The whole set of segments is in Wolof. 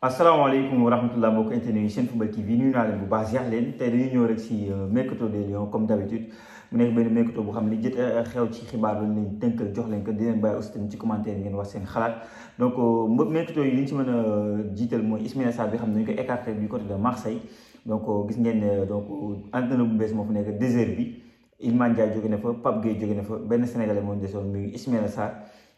asalaamaaleykum wa rahmatulah mbokk internet yi seen football TV nuyu naa leen bu baax jeex leen tey dañuy ñëw rek ci euh, mercato des Lions comme d'habitude mu nekk benn mercato boo xam ne jët euh, xew ci xibaar lañ leen tënkal jox leen ko di leen bàyyi aussi ci commentaire ngeen wax seen xalaat donc euh, mercato yi li ci si mën a jiital mooy Ismaïla Sarr bi xam ne dañu ko écarté du côté de Marseille donc gis ngeen donc entraîneur bu bees moo fa nekk désert bi Iliman Ndiaye jóge na fa Pape Gueye jóge na fa benn sénégalais moo ñu desoon muy Ismaïla Sarr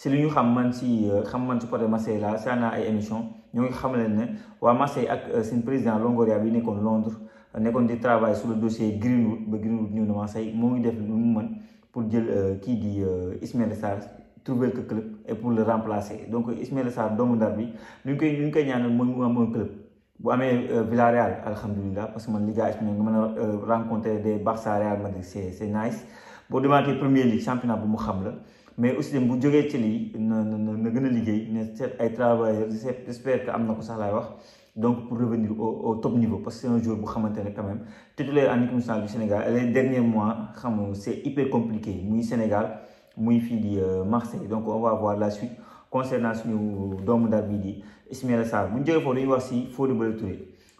c'est lu ñu xam man si euh, xam man si côté Marseille là c'est naa ay émission ñu ngi xam leen ne waa Marseille ak euh, seen président Longoria bi nekkoon Londres euh, nekkoon di travail sur le dossier Greenwood ba Greenwood ñëw na Marseille moo ngi def lu mu mën pour jël kii di Ismaël Sarr trouver le club et pour le remplacer donc Ismaël Sarr doomu Ndar bi lu ñu koy lu ñu koy ñaanal mooy mu amoon club bu amee Villarreal alhamdulilah parce que man Liga espagnole nga mën a rencontrer des Barça Real Madrid c'est c'est nice boo demaatee première ligue championnat bu mu xam la mais aussi dem bu jógee ci lii na na na gën a liggéey ne seet ay travailleurs j'espère que am na ko sax lay wax donc pour revenir au au top niveau parce que c'est un joueur bu xamante ne quand même titulaire en équipe nationale du Sénégal les derniers mois xam c'est hyper compliqué muy Sénégal muy fii di euh, Marseille donc on va voir la suite concernant suñu doomu daal bii di Ismaïla Sarr bu ñu jógee foofu dañuy wax si Fodé ballo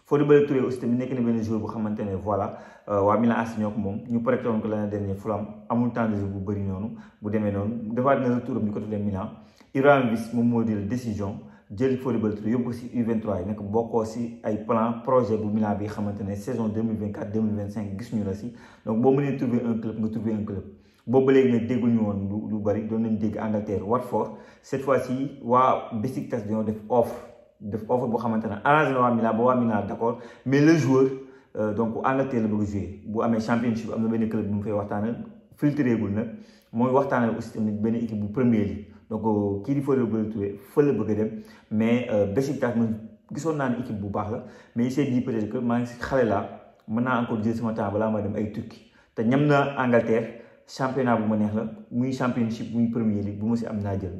Fodibé Touré aussi tamit nekk na benn joueur bu xamante ne voilà euh, waa Milan AC ñoo ko moom ñu prêté woon ko l'année dernière fulam amul temps de jeu bu bëri noonu bu demee noonu defaat na retour am ñu côté de Milan Ibrahimovic moom moo jël décision jël Fodibé Touré yóbbu ko si U23 yi nekk bokkoo si ay plan projet bu Milan bi xamante ne saison 2024 2025 gis ñu la si donc boo mënee trouver un club nga trouver un club boobu ba léegi nag dégguñu woon lu lu bari doon nañ dégg Angleterre Watford cette fois ci waa Besiktas dañoo def offre def offre boo xamante ne arrangé na waa Milan ba waa Milan d' accord mais le joueur euh, donc Angleterre la bëgg jouer bu amee championship am na benn club bu mu fay waxtaanal filtré gul nag mooy waxtaanal aussi tamit benn équipe bu premier league donc euh, kii di Fodé Ballo-Touré fa la bëgg dem mais euh, Besiktas man gisoon naa ne équipe bu baax la mais il s'est dit peut être maa ngi si xale laa mën naa encore jël sama temps balaa ma dem ay tukki te ñam na Angleterre championnat bu ma neex la muy championship muy premier league bu ma si am naa jël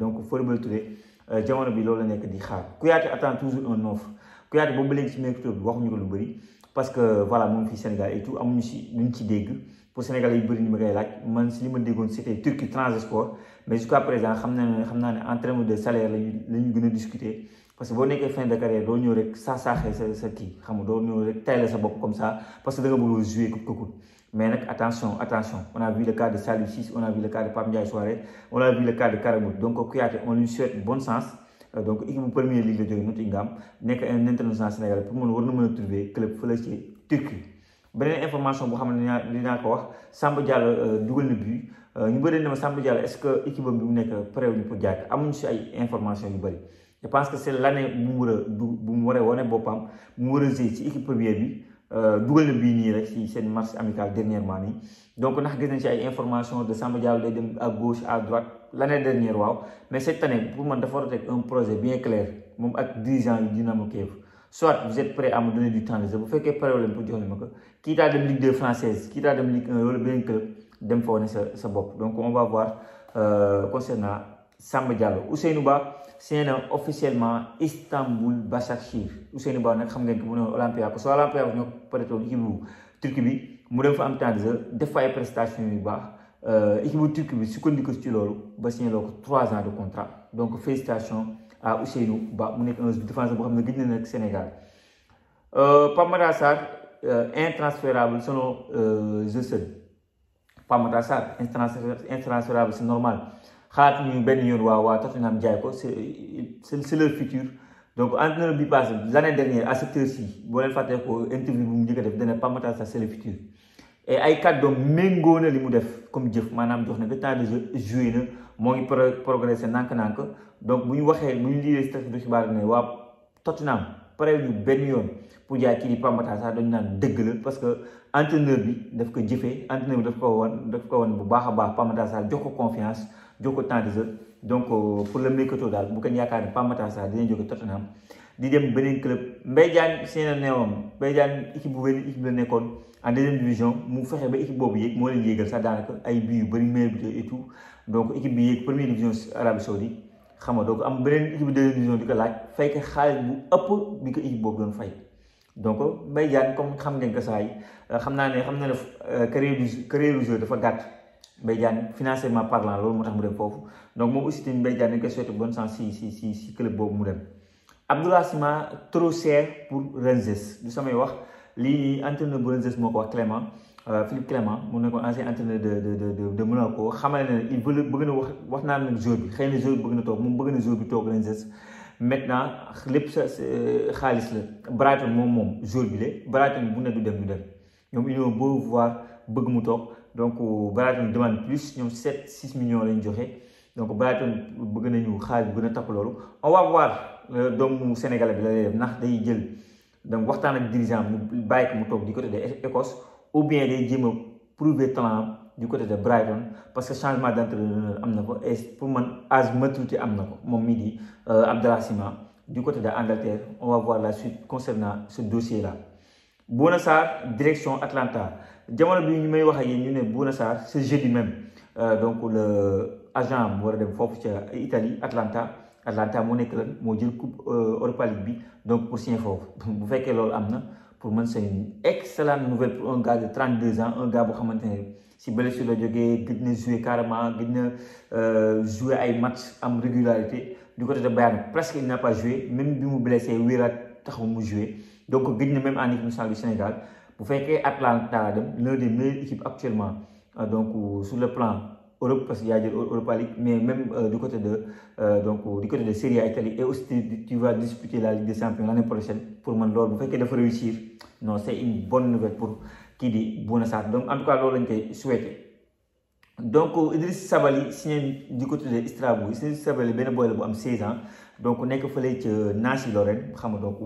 Euh, jamono bi loolu la nekk di xaar Kouyaté attend toujours un offre Kouyaté boobu ba léegi ci mercato bi waxuñu ko lu bëri parce que voilà moom fii Sénégal et tout amuñu si luñ ci dégg pour Sénégal yu bëri ñu ma koy laaj man si li ma déggoon c' était Turquie Transport mais jusqu'à présent xam naa ne xam naa ne en terme de salaire lañu la ñu gën a discuter parce que boo nekkee fin de carrière doo ñëw rek saa saaxee sa sa kii xam nga doo ñëw rek tay sa bopp comme ça parce que da nga bëgg jouer ko ko mais attention, attention, on a vu le cas de Salut on a vu le cas de Pamdia Soirée, on a vu le cas de Donc, on lui souhaite bon sens. Euh, donc il première ligue notre Nottingham est un international sénégalais pour moi, club information Samba euh, but euh, est-ce que équipe pour je pense que c'est l'année euh, dugal na nii rek si seen match amical dernièrement nii donc ndax gis nañ si ay information de Samba Diallo day dem à gauche à droite l'année dernière waaw mais cette année pour man dafa war un projet bien clair moom ak dirigeant yi Dynamo Kiev soit vous êtes prêt à me donner du temps de jeu bu fekkee problème pour jox ma ko quitte à dem Ligue 2 française quitte à dem Ligue 1 wala beneen club dem fa wane sa sa bopp donc on va voir euh, concernant Samba Diallo Ousseynou Ba Sénégal officiellement Istanbul Başakşehir Ousseynou Ba nag xam ngeen ko mu ne Olympiakos Olympiakos ñoo peut-être équipe bu Turquie bi mu dem fa am temps de jeu def fa ay prestation yu baax euh, équipe bu Turquie bi sukkandiku ci loolu ba signé loo ko trois ans de contrat donc félicitations à Ousseynou Ba mu nekk un défenseur bo xam ne gëj na nag Sénégal euh Matar Sarr euh, intransférable selon euh, je seul Pape Sarr intransférable c'est normal xalaat ñu benn yoon waa waa Tottenham jaay ko c'est c'est leur futur donc entraîneur bi passé l'année dernière à cette heure-ci boo leen fàttee ko interview bu mu njëkk a def dana Pape sa Sarr c'est le futur et ay kàddoom méngoo na li mu def comme jëf maanaam jox na ba temps de jeu joué na moo ngi progressé nank-nank donc bu ñu waxee bu ñu liiree si tax du xibaar ne waa Tottenham pare ñu benn yoon pour jaay kii di Pape Matar naan dëgg la parce que entraîneur bi daf ko jëfee entraîneur bi daf ko woon daf ko woon bu baax a baax Pape Matar jox ko confiance jox ko temps de jeu donc euh, pour le mercato daal bu kenn yaakaar ne Pape Matar Sarr dina jóge Tottenham di dem beneen club Mbaye Diagne seen neewam Mbaye bu benn équipe la nekkoon en deuxième division mu fexe ba équipe boobu yéeg moo leen yéegal sax daanaka ay bii yu bëri meilleur buteur et tout donc équipe bi yéeg première division xam nga donc am beneen équipe de division di ko laaj fay ko xaalis bu ëpp bi ko équipe boobu doon fay donc Mbaye Diagne comme xam ngeen ko saa yi euh, xam naa ne xam naa ne euh, carrière du carrière du joueur dafa gàtt Mbaye Diagne financièrement parlant loolu moo tax mu dem foofu donc moom aussi tamit Mbaye Diagne dañ koy souhaité bonne chance si si si si club boobu mu dem. Abdoulaye Sima trop cher pour Rangers du samay wax lii nii entraîneur bu Rangers moo ko wax Clément. Euh, Philippe Clément mu nekkoon ancien entraîneur de de de de Monaco xamal ne il veut bëgg na wax wax naa ne jour bi xeyna na jour bëgg na tok moom bëgg na jour bi tok lañu des maintenant lépp sa euh, xaalis la Brighton mom mom jour bi le Brighton bu ne du dem du dem ñom ils ont beau voir bëgg mu tok donc euh, Brighton demande plus ñom 7 6 millions lañu joxé donc Brighton bëgg nañu xaalis bu gën a lolu on va voir doomu sénégalais bi la lay def ndax day jël donc waxtaan ak dirigeant mu bàyyi mu tok di côté de Écosse. ou bien day me prouver talent du côté de Brighton parce que changement d'entraîneur am na et pour man âge maturité am na ko moom mii di euh, Abdallah Sima du côté de Angleterre on va voir la suite concernant ce dossier là. Bouna Sarr direction Atlanta jamono bi ñu may wax ak yéen ñu ne Bouna ce jeudi même euh, donc le agent mu dem Italie Atlanta Atlanta moo nekk lan moo jël coupe euh, Europa League bi donc pour signer foofu bu fekkee loolu am na pour moi, c'est une excellente nouvelle pour un gars de 32 ans un gars qui est si blessé la jógee gëj na carrément gëj na euh, jouer un match en régularité du côté de Bayern presque il n'a pas joué même bi mu blessé il taxaw joué. jouer donc il na même en équipe nationale du Sénégal Pour que Atlanta l'un des meilleures équipes actuellement ah, donc euh, sur le plan Europe, parce qu'il y a des mais même euh, du côté de euh, donc du côté de Serie Italie, et aussi tu, vas disputer la Ligue des Champions l'année prochaine pour le loolu bu que de réussir non c'est une bonne nouvelle pour qui dit bonne Sarr donc en tout cas je lañ souhaité. donc Idriss Sabali signé du côté de Strasbourg Idriss Sabali il a 16 ans donc nekk fële ci Nancy Lorraine xam nga donc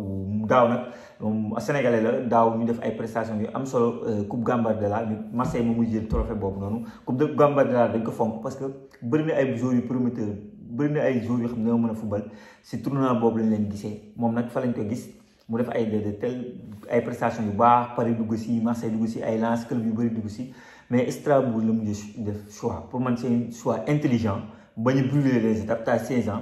daaw nag moom sénégalais la daaw ñu def ay prestations yu am solo euh, coupe Gambardella ñu Marseille moom muy jël trophée boobu noonu coupe de Gambardella dañ ko fonk parce que bëri na ay joueurs yu prometteurs bëri na ay joueurs yu xam ne ñoo mën a football si tournoi boobu lañ leen gisee moom nag fa lañ ko gis mu def ay de tel ay prestations yu baax Paris dugg si Marseille dugg si ay lance club yu bëri dugg si mais Strasbourg la mu def choix pour man c'est un choix intelligent bañ a brûler les étapes à 16 ans.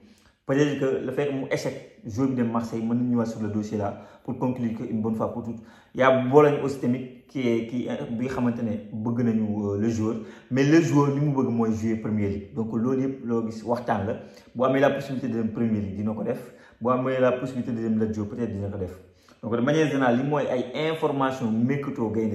Peut-être que le fait que mon échec, joueur de Marseille, mon nous sur le dossier là, pour conclure que une bonne fois pour toutes. Il y a Bologne aussi qui est, qui est, maintenant, euh, le joueur, mais le joueur, nous, nous voulons jouer Premier League. Donc, l'autre, l'autre, Wartan, là, vous mais la possibilité de Premier League, dis-nous quoi vous la possibilité de le jouer, peut-être, dis-nous Donc, de manière générale, il y a information, mais que tu